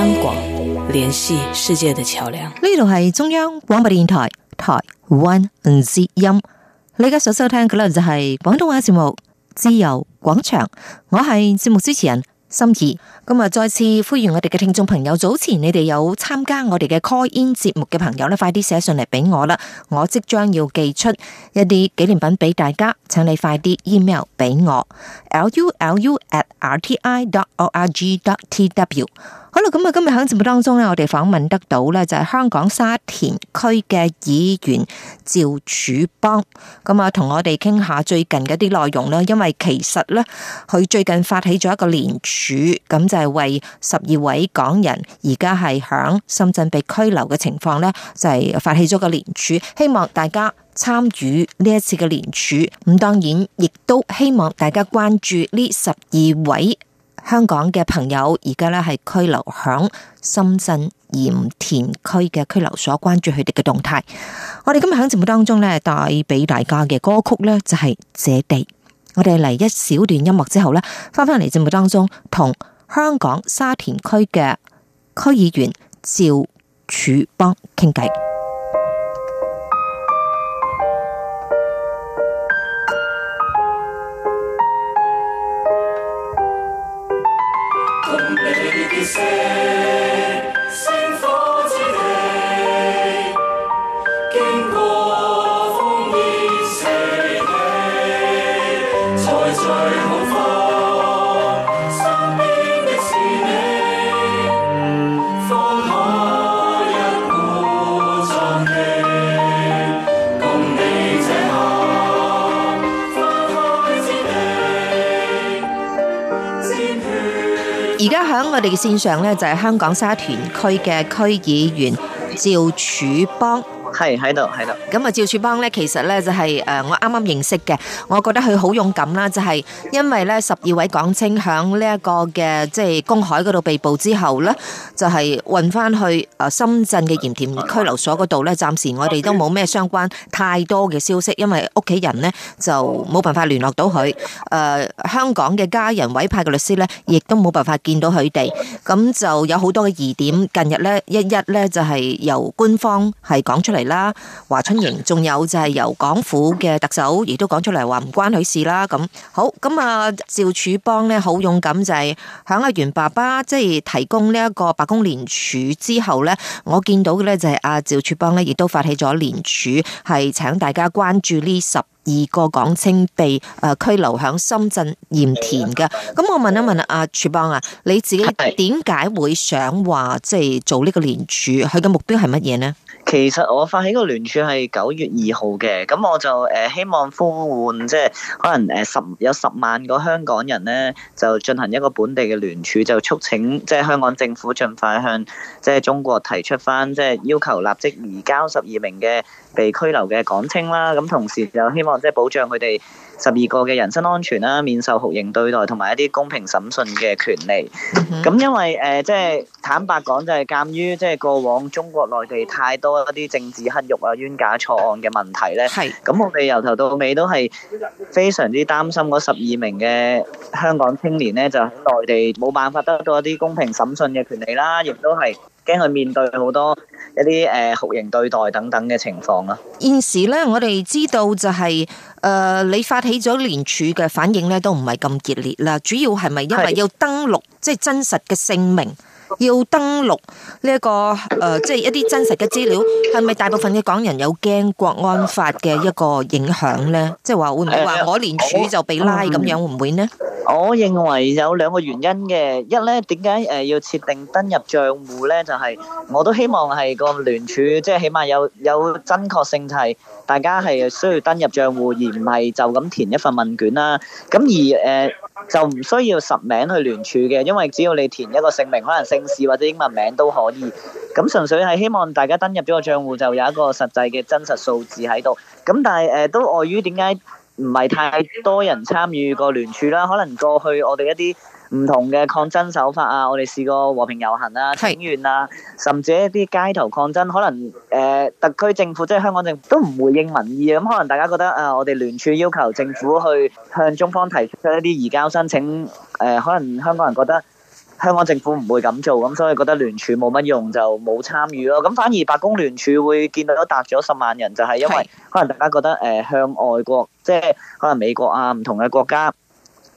香港聯繫世界的橋樑，呢度係中央廣播電台台灣之音，你而家所收聽嘅，就係廣東話節目《自由廣場》，我係節目主持人心怡。咁啊！再次呼籲我哋嘅聽眾朋友，早前你哋有參加我哋嘅 call in 節目嘅朋友咧，快啲寫信嚟俾我啦！我即將要寄出一啲紀念品俾大家，請你快啲 email 俾我 lulu at rti dot org dot tw。好啦，咁啊，今日響節目當中咧，我哋訪問得到咧，就係香港沙田區嘅議員趙柱幫，咁啊，同我哋傾下最近嘅一啲內容啦。因為其實咧，佢最近發起咗一個聯署，咁就。係為十二位港人而家係響深圳被拘留嘅情況呢就係、是、發起咗個聯署，希望大家參與呢一次嘅聯署。咁當然亦都希望大家關注呢十二位香港嘅朋友而家呢係拘留響深圳鹽田區嘅拘留所，關注佢哋嘅動態。我哋今日喺節目當中呢帶俾大家嘅歌曲呢，就係、是《這地》，我哋嚟一小段音樂之後呢，翻返嚟節目當中同。香港沙田區嘅區議員趙柱幫傾偈。我哋嘅線上咧就係香港沙田區嘅區議員趙柱幫。係喺度，喺度。咁啊，趙柱幫咧，其實咧就係誒，我啱啱認識嘅。我覺得佢好勇敢啦，就係因為咧，十二位港青響呢一個嘅即係公海嗰度被捕之後咧，就係運翻去誒深圳嘅鹽田拘留所嗰度咧。暫時我哋都冇咩相關太多嘅消息，因為屋企人咧就冇辦法聯絡到佢。誒，香港嘅家人委派嘅律師咧，亦都冇辦法見到佢哋。咁就有好多嘅疑點，近日咧一一咧就係由官方係講出嚟。嚟啦，華春瑩，仲有就係由港府嘅特首亦都講出嚟話唔關佢事啦。咁好咁啊，趙柱幫咧好勇敢，就是，就係響阿袁爸爸即係提供呢一個白宮聯署之後咧，我見到嘅咧就係阿趙柱幫咧亦都發起咗聯署，係請大家關注呢十。二個港青被誒拘留喺深圳鹽田嘅，咁的我問一問阿柱幫啊，你自己點解會想話即係做呢個聯署？佢嘅目標係乜嘢呢？其實我發起個聯署係九月二號嘅，咁我就誒希望呼喚即係、就是、可能誒十有十萬個香港人呢，就進行一個本地嘅聯署，就促請即係、就是、香港政府盡快向即係、就是、中國提出翻，即、就、係、是、要求立即移交十二名嘅被拘留嘅港青啦。咁同時就希望。即係保障佢哋，十二個嘅人身安全啦，免受酷刑對待，同埋一啲公平審訊嘅權利。咁因為誒，即係坦白講，就係鑑於即係過往中國內地太多一啲政治黑獄啊、冤假錯案嘅問題咧。係。咁我哋由頭到尾都係非常之擔心嗰十二名嘅香港青年咧，就喺內地冇辦法得到一啲公平審訊嘅權利啦，亦都係驚佢面對好多一啲誒酷刑對待等等嘅情況咯。現時咧，我哋知道就係。誒、呃，你發起咗聯署嘅反應咧，都唔係咁激烈啦。主要係咪因為要登錄即係真實嘅姓名，係要登錄呢、這個呃就是、一個誒，即係一啲真實嘅資料，係咪大部分嘅港人有驚國安法嘅一個影響咧？即係話會唔會話我聯署就被拉咁樣，會唔會呢？我認為有兩個原因嘅，一呢點解誒要設定登入帳戶呢？就係我都希望係個聯署，即係起碼有有真確性，就係大家係需要登入帳戶，而唔係就咁填一份問卷啦。咁而誒就唔需要實名去聯署嘅，因為只要你填一個姓名，可能姓氏或者英文名都可以。咁純粹係希望大家登入咗個帳戶，就有一個實際嘅真實數字喺度。咁但係誒都礙於點解？唔係太多人參與過聯署啦，可能過去我哋一啲唔同嘅抗爭手法啊，我哋試過和平遊行啊、請願啊，甚至一啲街頭抗爭，可能誒、呃、特區政府即係香港政府都唔回應民意啊，咁可能大家覺得啊、呃，我哋聯署要求政府去向中方提出一啲移交申請，誒、呃、可能香港人覺得。香港政府唔會咁做，咁所以覺得聯署冇乜用，就冇參與咯。咁反而白宮聯署會見到達咗十萬人，就係、是、因為可能大家覺得誒、呃、向外國，即係可能美國啊，唔同嘅國家。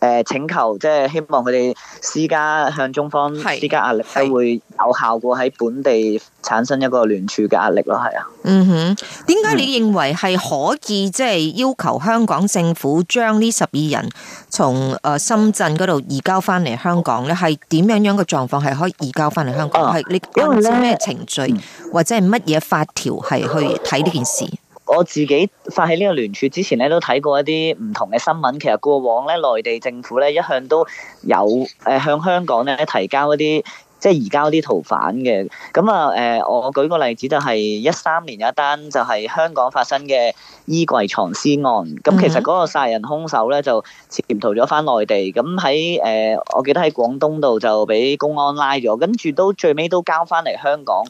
誒、呃，請求即係希望佢哋私家向中方施加壓力，都會有效過喺本地產生一個聯署嘅壓力咯，係啊。嗯哼，點解你認為係可以即係要求香港政府將呢十二人從誒深圳嗰度移交翻嚟香港咧？係點樣樣嘅狀況係可以移交翻嚟香港？係你按照咩程序、嗯、或者係乜嘢法條係去睇呢件事？我自己發起呢個聯署之前咧，都睇過一啲唔同嘅新聞。其實過往咧，內地政府咧一向都有誒向香港咧提交一啲即係移交啲逃犯嘅咁啊。誒、呃，我舉個例子，就係、是、一三年一單，就係香港發生嘅。衣櫃藏屍案，咁其實嗰個殺人兇手咧就潛逃咗翻內地，咁喺誒，我記得喺廣東度就俾公安拉咗，跟住都最尾都交翻嚟香港，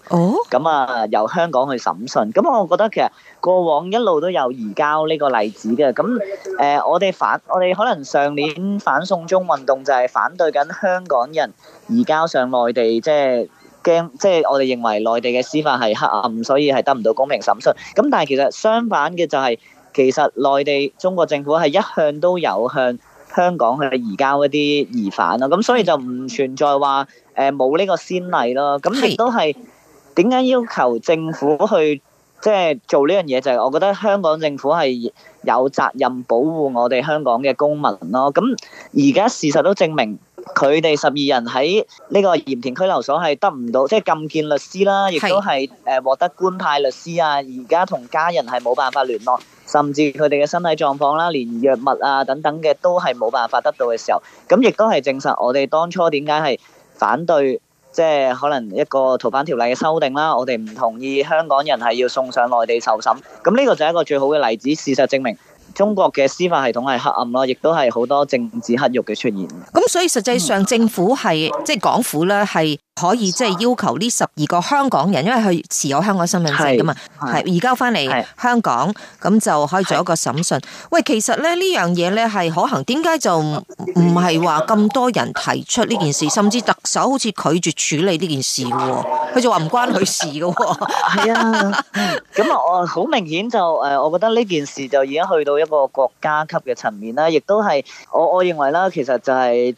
咁、哦、啊由香港去審訊。咁我覺得其實過往一路都有移交呢個例子嘅，咁誒、呃、我哋反我哋可能上年反送中運動就係反對緊香港人移交上內地即係。就是驚即係我哋認為內地嘅司法係黑暗，所以係得唔到公平審訊。咁但係其實相反嘅就係，其實內地中國政府係一向都有向香港去移交一啲疑犯咯。咁所以就唔存在話誒冇呢個先例咯。咁亦都係點解要求政府去即係做呢樣嘢？就係我覺得香港政府係有責任保護我哋香港嘅公民咯。咁而家事實都證明。佢哋十二人喺呢個鹽田拘留所係得唔到，即係禁見律師啦，亦都係誒獲得官派律師啊。而家同家人係冇辦法聯絡，甚至佢哋嘅身體狀況啦，連藥物啊等等嘅都係冇辦法得到嘅時候，咁亦都係證實我哋當初點解係反對，即係可能一個逃犯條例嘅修訂啦。我哋唔同意香港人係要送上內地受審。咁呢個就係一個最好嘅例子，事實證明。中國嘅司法系統係黑暗咯，亦都係好多政治黑獄嘅出現。咁所以實際上政府係、嗯、即係港府咧係。可以即係要求呢十二個香港人，因為佢持有香港身份證噶嘛，係而家翻嚟香港咁是就可以做一個審訊。喂，其實咧呢樣嘢咧係可行，點解就唔係話咁多人提出呢件事，甚至特首好似拒絕處理呢件事嘅，佢就話唔關佢事嘅。係啊，咁啊，我好明顯就誒，我覺得呢件事就已經去到一個國家級嘅層面啦，亦都係我我認為啦，其實就係、是。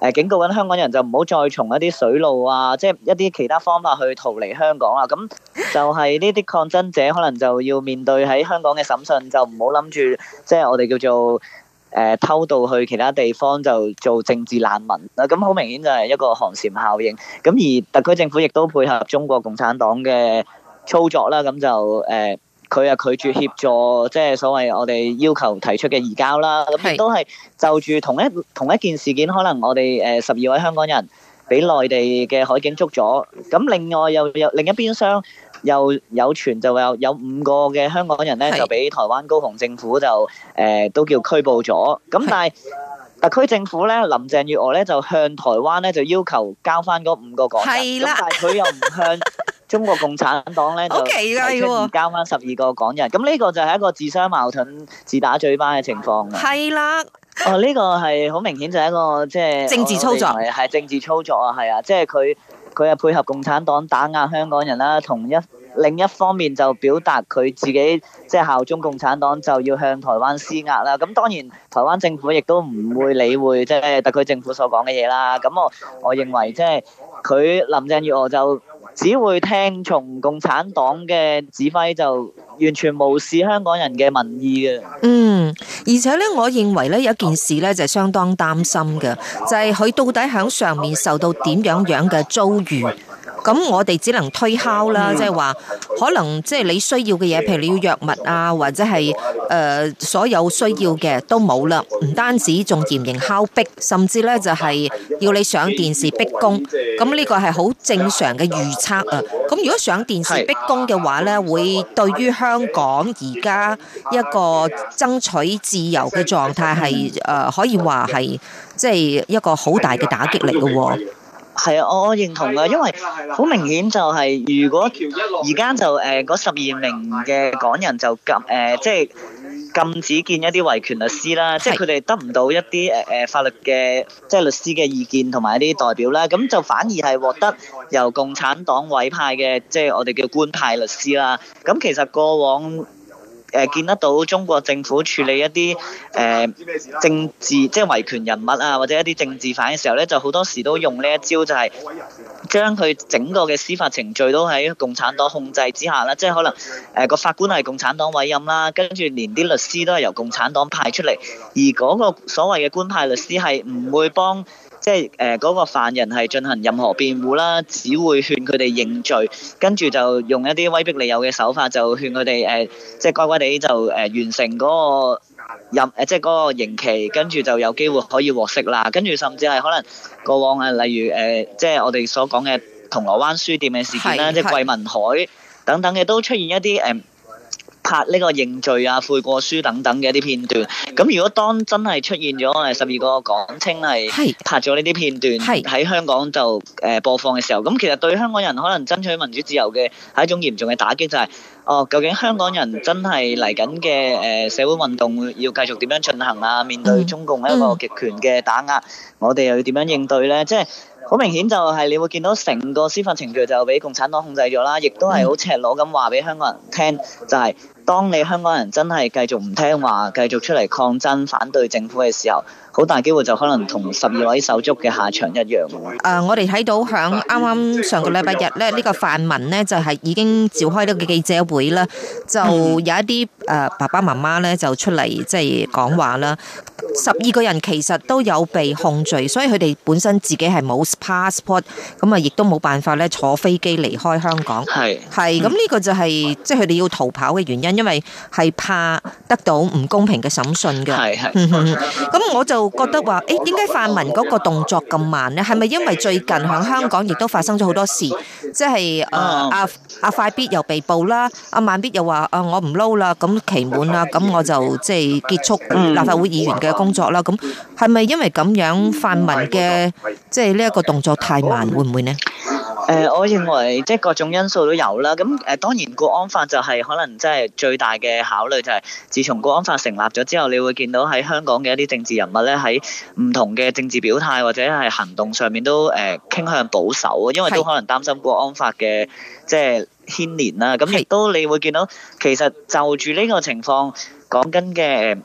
誒警告緊香港人就唔好再從一啲水路啊，即係一啲其他方法去逃離香港啦。咁就係呢啲抗爭者可能就要面對喺香港嘅審訊，就唔好諗住即係我哋叫做誒偷渡去其他地方就做政治難民啦。咁好明顯就係一個寒蟬效應。咁而特區政府亦都配合中國共產黨嘅操作啦。咁就誒。佢又拒絕協助，即係所謂我哋要求提出嘅移交啦。咁亦都係就住同一同一件事件，可能我哋誒十二位香港人俾內地嘅海警捉咗。咁另外又有另一邊廂又有傳就有有五個嘅香港人咧，就俾台灣高雄政府就誒都叫拘捕咗。咁但係特區政府咧，林鄭月娥咧就向台灣咧就要求交翻嗰五個港人，咁但係佢又唔向，中國共產黨咧就提出交翻十二個港人，咁呢個就係一個自相矛盾、自打嘴巴嘅情況。係啦，哦，呢個係好明顯就係一個即係政治操作，係政治操作啊，係啊，即係佢佢係配合共產黨打壓香港人啦，同一另一方面就表達佢自己即係效忠共產黨，就要向台灣施壓啦。咁當然台灣政府亦都唔會理會即係特區政府所講嘅嘢啦。咁我我認為即係佢林鄭月娥就。只會聽從共產黨嘅指揮，就完全無視香港人嘅民意嘅。嗯，而且咧，我認為咧有一件事咧就相當擔心嘅，就係佢到底喺上面受到點樣樣嘅遭遇。咁我哋只能推敲啦，即係話可能即係你需要嘅嘢，譬如你要藥物啊，或者係誒、呃、所有需要嘅都冇啦，唔單止仲嚴刑拷逼，甚至呢就係要你上電視逼供。咁呢個係好正常嘅預測啊！咁如果上電視逼供嘅話呢，會對於香港而家一個爭取自由嘅狀態係誒、呃、可以話係即係一個好大嘅打擊力嘅、啊、喎。係啊，我我認同啊，因為好明顯就係，如果而家就誒嗰十二名嘅港人就禁誒，即、呃、係禁止見一啲維權律師啦，是即係佢哋得唔到一啲誒誒法律嘅即係律師嘅意見同埋一啲代表啦，咁就反而係獲得由共產黨委派嘅即係我哋叫官派律師啦，咁其實過往，誒、呃、見得到中國政府處理一啲誒、呃、政治即係維權人物啊，或者一啲政治犯嘅時候咧，就好多時都用呢一招，就係將佢整個嘅司法程序都喺共產黨控制之下啦。即係可能誒個、呃、法官係共產黨委任啦，跟住連啲律師都係由共產黨派出嚟，而嗰個所謂嘅官派律師係唔會幫。即係誒嗰個犯人係進行任何辯護啦，只會勸佢哋認罪，跟住就用一啲威逼利誘嘅手法，就勸佢哋誒，即係乖乖地就誒、呃、完成嗰、那個任誒、呃，即係嗰個刑期，跟住就有機會可以獲釋啦。跟住甚至係可能過往啊，例如誒、呃，即係我哋所講嘅銅鑼灣書店嘅事件啦，即係桂民海等等嘅都出現一啲誒。呃拍呢個認罪啊、悔過書等等嘅一啲片段，咁如果當真係出現咗我哋十二個港青係拍咗呢啲片段，喺香港就誒播放嘅時候，咁其實對香港人可能爭取民主自由嘅係一種嚴重嘅打擊，就係哦，究竟香港人真係嚟緊嘅誒社會運動要繼續點樣進行啊？面對中共一個極權嘅打壓，我哋又要點樣應對呢？即係好明顯就係你會見到成個司法程序就俾共產黨控制咗啦，亦都係好赤裸咁話俾香港人聽，就係。當你香港人真係繼續唔聽話，繼續出嚟抗爭反對政府嘅時候，好大機會就可能同十二位手足嘅下場一樣咁樣。誒、呃，我哋睇到響啱啱上個禮拜日咧，這個，泛民呢個泛民咧就係、是，已經召開呢個記者會啦，就有一啲誒、呃、爸爸媽媽咧就出嚟即係講話啦。十二個人其實都有被控罪，所以佢哋本身自己係冇 passport，咁啊亦都冇辦法咧坐飛機離開香港。係係咁呢個就係即係佢哋要逃跑嘅原因。因為係怕得到唔公平嘅審訊嘅，係係。咁我就覺得話，誒，點解泛民嗰個動作咁慢呢？係咪因為最近喺香港亦都發生咗好多事，即係誒，阿阿快必又被捕啦，阿慢必又話，誒，我唔撈啦，咁期滿啦，咁我就即係結束立法會議員嘅工作啦。咁係咪因為咁樣泛民嘅即係呢一個動作太慢，會唔會呢？誒、呃，我認為即係各種因素都有啦。咁誒、呃，當然《國安法》就係可能即係最大嘅考慮，就係自從《國安法》成立咗之後，你會見到喺香港嘅一啲政治人物咧，喺唔同嘅政治表態或者係行動上面都誒、呃、傾向保守，因為都可能擔心《國安法》嘅即係牽連啦。咁亦都你會見到，其實就住呢個情況講緊嘅。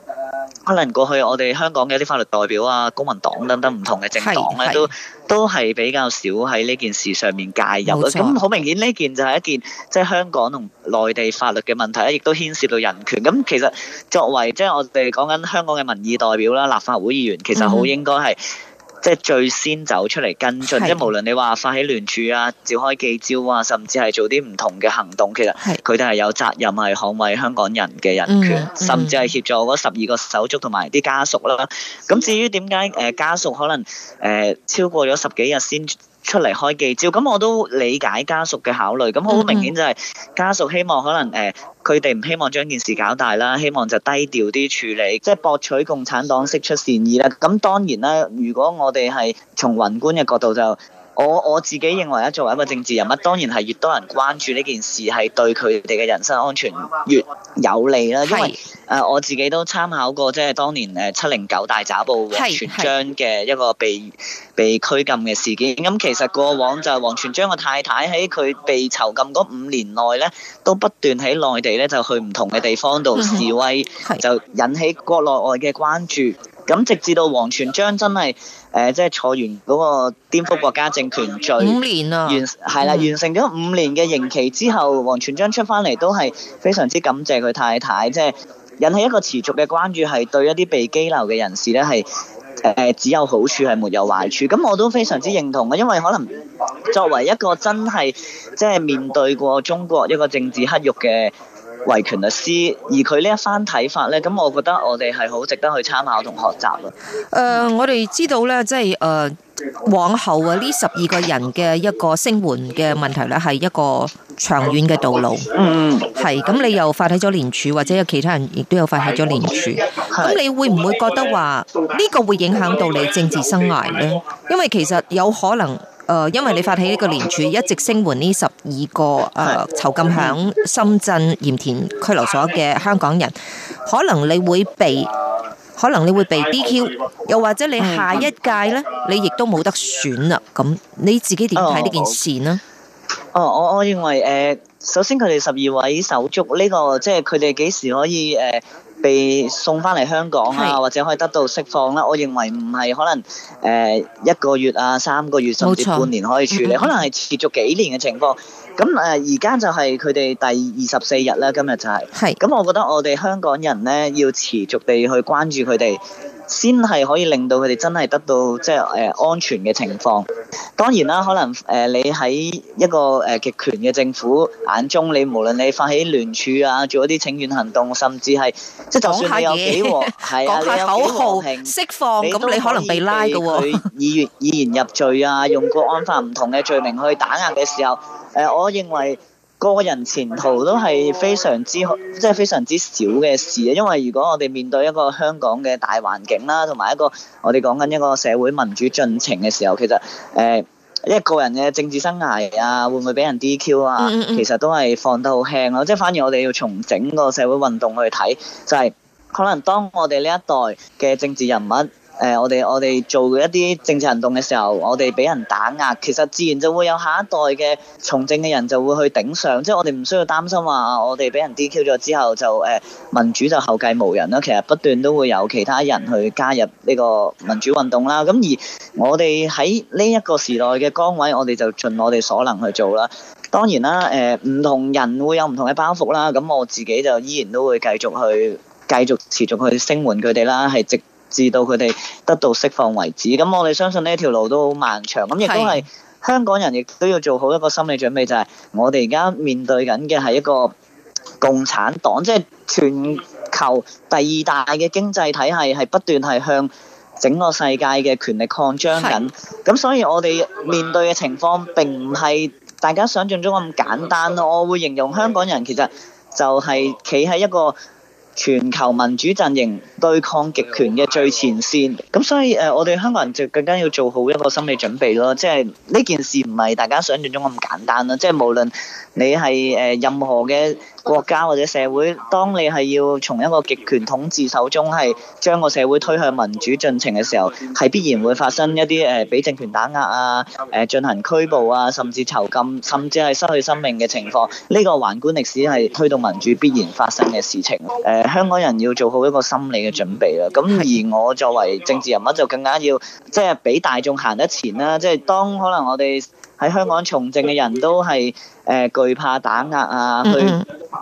可能過去我哋香港嘅一啲法律代表啊、公民黨等等唔同嘅政黨咧，都都係比較少喺呢件事上面介入啊。咁好錯明顯呢件就係一件即係、就是、香港同內地法律嘅問題咧，亦都牽涉到人權。咁其實作為即係、就是、我哋講緊香港嘅民意代表啦、立法會議員，其實好應該係。嗯即係最先走出嚟跟進，的即係無論你話發起聯署啊、召開記招啊，甚至係做啲唔同嘅行動，其實佢哋係有責任係捍衞香港人嘅人權，的甚至係協助嗰十二個手足同埋啲家屬啦。咁至於點解誒家屬可能誒、呃、超過咗十幾日先，出嚟開記招，咁我都理解家屬嘅考慮。咁好明顯就係家屬希望可能誒，佢哋唔希望將件事搞大啦，希望就低調啲處理，即係博取共產黨釋出善意啦。咁當然啦，如果我哋係從宏觀嘅角度就。我我自己認為啊，作為一個政治人物，當然係越多人關注呢件事，係對佢哋嘅人身安全越有利啦。因為誒是、呃，我自己都參考過，即係當年誒七零九大抓捕王全章嘅一個被是被拘禁嘅事件。咁、嗯、其實過往就係王全章嘅太太喺佢被囚禁嗰五年內咧，都不斷喺內地咧就去唔同嘅地方度示威，嗯、就引起國內外嘅關注。咁直至到王全璋真係，誒、呃，即係坐完嗰個顛覆國家政權罪，五年啊，完係啦，完成咗五年嘅刑期之後，嗯、王全璋出翻嚟都係非常之感謝佢太太，即、就、係、是、引起一個持續嘅關注，係對一啲被羈留嘅人士咧係誒只有好處，係沒有壞處，咁我都非常之認同嘅，因為可能作為一個真係，即、就、係、是、面對過中國一個政治黑獄嘅。維權律師，而佢呢一番睇法呢，咁我覺得我哋係好值得去參考同學習啦。誒、呃，我哋知道呢，即係、呃、往後啊呢十二個人嘅一個聲援嘅問題呢係一個長遠嘅道路。嗯，係。咁你又發起咗聯署，或者有其他人亦都有發起咗聯署。咁你會唔會覺得話呢個會影響到你政治生涯呢？因為其實有可能。誒、呃，因為你發起呢個聯署，一直聲援呢十二個誒、呃、囚禁喺深圳鹽田拘留所嘅香港人，可能你會被，可能你會被 DQ，又或者你下一屆呢，你亦都冇得選啦。咁你自己點睇呢件事呢？哦，我我認為誒、呃，首先佢哋十二位手足呢、這個，即係佢哋幾時可以誒。呃被送翻嚟香港啊，或者可以得到釋放啦。是我認為唔係可能誒、呃、一個月啊，三個月甚至半年可以處理，錯可能係持續幾年嘅情況。咁誒而家就係佢哋第二十四日啦，今日就係、是。係是。咁我覺得我哋香港人咧要持續地去關注佢哋。先係可以令到佢哋真係得到即係誒、呃、安全嘅情況。當然啦，可能誒、呃、你喺一個誒、呃、極權嘅政府眼中你，你無論你發起聯署啊，做一啲請願行動，甚至係即係就算你有幾和，講下口號釋放，咁你、啊、你可能被拉嘅喎。以言以言入罪啊，用國安法唔同嘅罪名去打壓嘅時候，誒、呃，我認為，個人前途都係非常之，即係非常之小嘅事啊！因為如果我哋面對一個香港嘅大環境啦，同埋一個我哋講緊一個社會民主進程嘅時候，其實誒、呃，一個人嘅政治生涯啊，會唔會俾人 DQ 啊？其實都係放得好輕咯，即係反而我哋要從整個社會運動去睇，就係、是、可能當我哋呢一代嘅政治人物。誒、呃，我哋我哋做一啲政治行動嘅時候，我哋俾人打壓，其實自然就會有下一代嘅從政嘅人就會去頂上，即係我哋唔需要擔心話、啊、我哋俾人 DQ 咗之後就誒、呃、民主就後繼無人啦。其實不斷都會有其他人去加入呢個民主運動啦。咁而我哋喺呢一個時代嘅崗位，我哋就盡我哋所能去做啦。當然啦，誒、呃、唔同人會有唔同嘅包袱啦。咁我自己就依然都會繼續去繼續持續去聲援佢哋啦，係直，至到佢哋得到釋放為止，咁我哋相信呢一條路都好漫長，咁亦都係是香港人，亦都要做好一個心理準備，就係、是、我哋而家面對緊嘅係一個共產黨，即係全球第二大嘅經濟體系，係不斷係向整個世界嘅權力擴張緊，咁是所以，我哋面對嘅情況並唔係大家想象中咁簡單咯，我會形容香港人其實就係企喺一個。全球民主陣營對抗極權嘅最前線，咁所以誒、呃，我哋香港人就更加要做好一個心理準備咯，即係呢件事唔係大家想像中咁簡單啦，即係無論你係誒、呃、任何嘅國家或者社會，當你係要從一個極權統治手中係將個社會推向民主進程嘅時候，係必然會發生一啲誒俾政權打壓啊，誒、呃、進行拘捕啊，甚至囚禁，甚至係失去生命嘅情況。呢、這個環觀歷史係推動民主必然發生嘅事情。誒、呃，香港人要做好一個心理嘅準備啦。咁而我作為政治人物就更加要，即係俾大眾行得前啦、啊。即係當可能我哋喺香港從政嘅人都係誒、呃、懼怕打壓啊，去。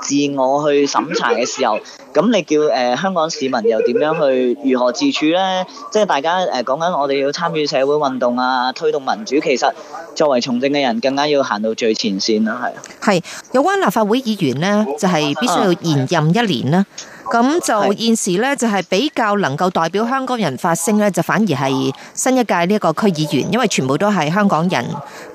自我去審查嘅時候，咁你叫誒香港市民又點樣去如何自處呢？即係大家誒講緊我哋要參與社會運動啊，推動民主。其實作為從政嘅人，更加要行到最前線啦，係。係有關立法會議員呢，就係必須要延任一年啦。啊。咁就現時咧，就係、是、比較能夠代表香港人發聲咧，就反而係新一屆呢一個區議員，因為全部都係香港人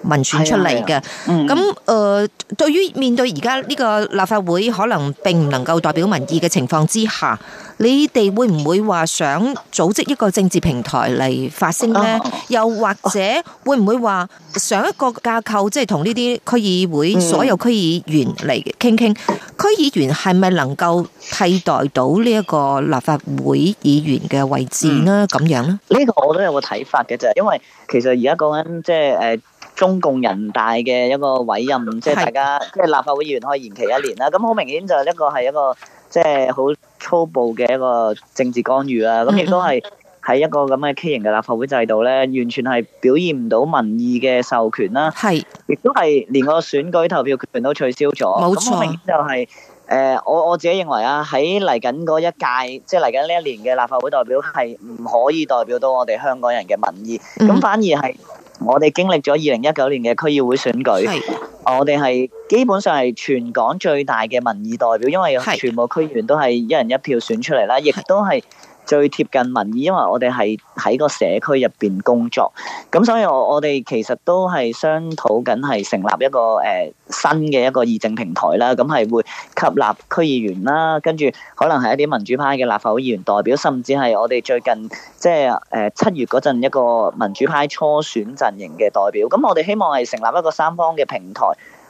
民選出嚟嘅。咁誒，對、嗯呃、於面對而家呢個立法會可能並唔能夠代表民意嘅情況之下。你哋會唔會話想組織一個政治平台嚟發聲咧？又或者會唔會話上一個架構，即係同呢啲區議會所有區議員嚟傾傾？區議員係咪能夠替代到呢一個立法會議員嘅位置呢？咁樣呢？呢個我都有個睇法嘅，就係，因為其實而家講緊即係誒中共人大嘅一個委任，即係大家即係立法會議員可以延期一年啦。咁好明顯就一個係一個即係好。粗暴嘅一個政治干預啦，咁亦都係喺一個咁嘅畸形嘅立法會制度咧，完全係表現唔到民意嘅授權啦，係，亦都係連個選舉投票權都取消咗，冇錯，明顯就係。誒，我、呃、我自己認為啊，喺嚟緊嗰一屆，即係嚟緊呢一年嘅立法會代表係唔可以代表到我哋香港人嘅民意，咁反而係我哋經歷咗二零一九年嘅區議會選舉，的我哋係基本上係全港最大嘅民意代表，因為全部區議員都係一人一票選出嚟啦，亦都係。最貼近民意，因為我哋係喺個社區入邊工作，咁所以我我哋其實都係商討緊係成立一個誒新嘅一個議政平台啦。咁係會吸納區議員啦，跟住可能係一啲民主派嘅立法會議員代表，甚至係我哋最近即係誒七月嗰陣一個民主派初選陣營嘅代表。咁我哋希望係成立一個三方嘅平台，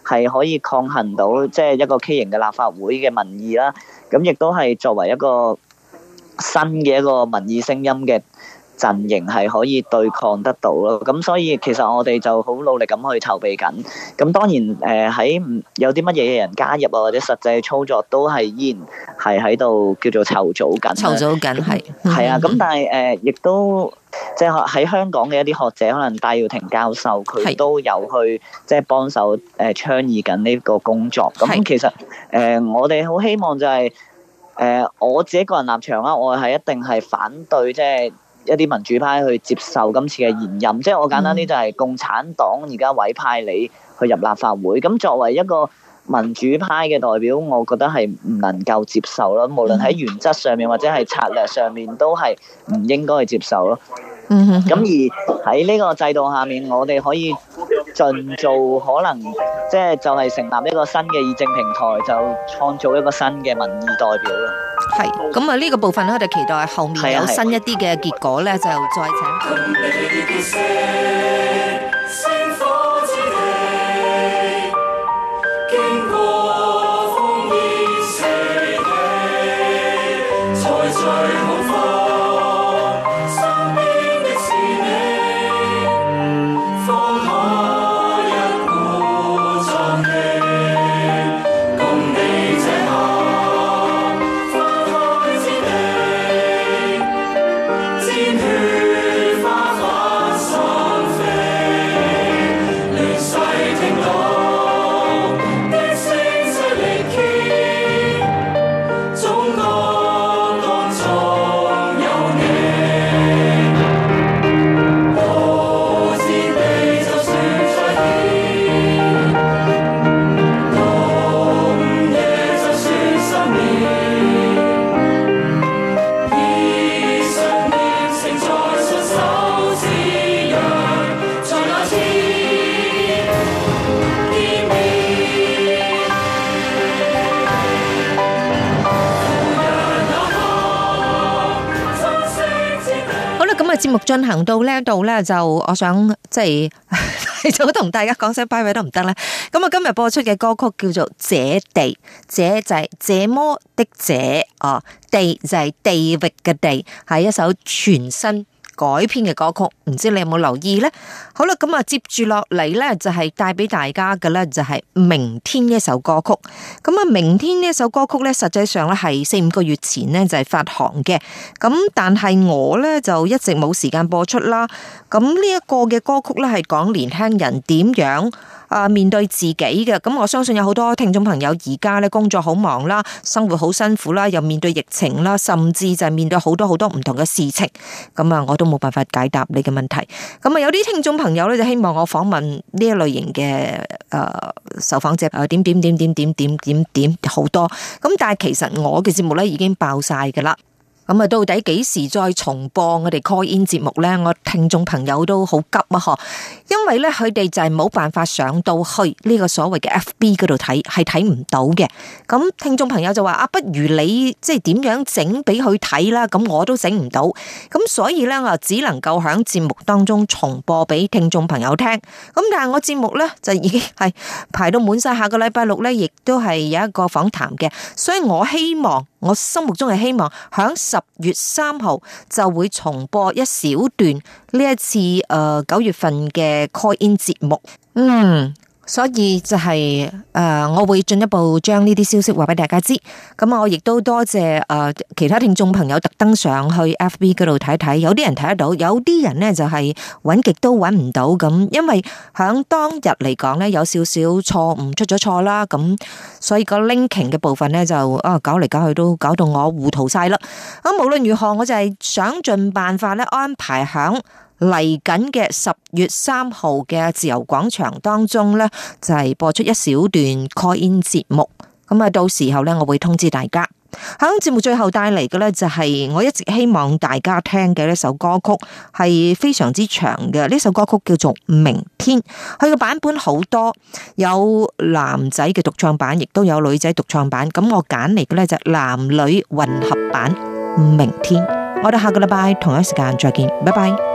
係可以抗衡到即係一個畸形嘅立法會嘅民意啦。咁亦都係作為一個新嘅一個民意聲音嘅陣營係可以對抗得到咯，咁所以其實我哋就好努力咁去籌備緊。咁當然誒喺有啲乜嘢嘅人加入啊，或者實際操作都係依然係喺度叫做籌組緊。籌組緊係係啊，咁但係誒亦都即係喺香港嘅一啲學者，可能戴耀廷教授佢都有去即係幫手誒倡議緊呢個工作。咁其實誒我哋好希望就係。誒、呃、我自己個人立場啦，我係一定係反對即係一啲民主派去接受今次嘅延任，即係我簡單啲就係共產黨而家委派你去入立法會。咁作為一個民主派嘅代表，我覺得係唔能夠接受咯，無論喺原則上面或者係策略上面都係唔應該去接受咯。咁而喺呢個制度下面，我哋可以盡做可能。即係就係成立一個新嘅議政平台，就創造一個新嘅民意代表咯。係，咁啊呢個部分咧，我哋期待後面有新一啲嘅結果咧，就再請。 進行到呢度咧，就我想即係早同大家講聲拜 y e 都唔得咧。咁啊，今日播出嘅歌曲叫做《姐地》，姐就係這麼的姐哦，地就係地域嘅地，係一首全新改編嘅歌曲，唔知你有冇留意呢？好啦，咁啊，接住落嚟呢，就係帶俾大家嘅咧，就係明天一首歌曲。咁啊，明天呢首歌曲呢，實際上呢，係四五個月前呢，就係發行嘅。咁但係我呢，就一直冇時間播出啦。咁呢一個嘅歌曲呢，係講年輕人點樣。啊！面對自己嘅。咁，我相信有好多聽眾朋友而家咧工作好忙啦，生活好辛苦啦，又面對疫情啦，甚至就係面對好多好多唔同嘅事情。咁啊，我都冇辦法解答你嘅問題。咁啊，有啲聽眾朋友咧就希望我訪問呢一類型嘅誒、呃、受訪者，誒、呃、點點點點點點點點好多。咁但係其實我嘅節目咧已經爆晒噶啦。咁啊，到底幾時再重播我哋 call in 節目呢？我聽眾朋友都好急啊！嗬，因為咧佢哋就係冇辦法上到去呢個所謂嘅 FB 嗰度睇，係睇唔到嘅。咁、嗯、聽眾朋友就話：啊，不如你即係點樣整俾佢睇啦？咁、嗯、我都整唔到。咁、嗯、所以呢，我只能夠響節目當中重播俾聽眾朋友聽。咁、嗯、但係我節目呢，就已經係排到滿晒，下個禮拜六呢，亦都係有一個訪談嘅，所以我希望。我心目中嘅希望，響十月三號就會重播一小段呢一次誒九月份嘅 call in 節目，嗯。所以就係、是、誒、呃，我會進一步將呢啲消息話俾大家知。咁、嗯、我亦都多謝誒、呃，其他聽眾朋友特登上去 F B 嗰度睇睇，有啲人睇得到，有啲人呢就係揾極都揾唔到咁。因為響當日嚟講呢，有少少錯誤出咗錯啦，咁所以個 linking 嘅部分呢，就啊搞嚟搞去都搞到我糊塗晒啦。咁、啊、無論如何，我就係想盡辦法咧安排響。嚟緊嘅十月三號嘅自由廣場當中呢，就係、是、播出一小段 call in 節目。咁啊，到時候呢，我會通知大家。響節目最後帶嚟嘅呢，就係我一直希望大家聽嘅一首歌曲，係非常之長嘅呢首歌曲叫做《明天》。佢嘅版本好多，有男仔嘅獨唱版，亦都有女仔獨唱版。咁我揀嚟嘅呢，就係男女混合版《明天》。我哋下個禮拜同一時間再見，拜拜。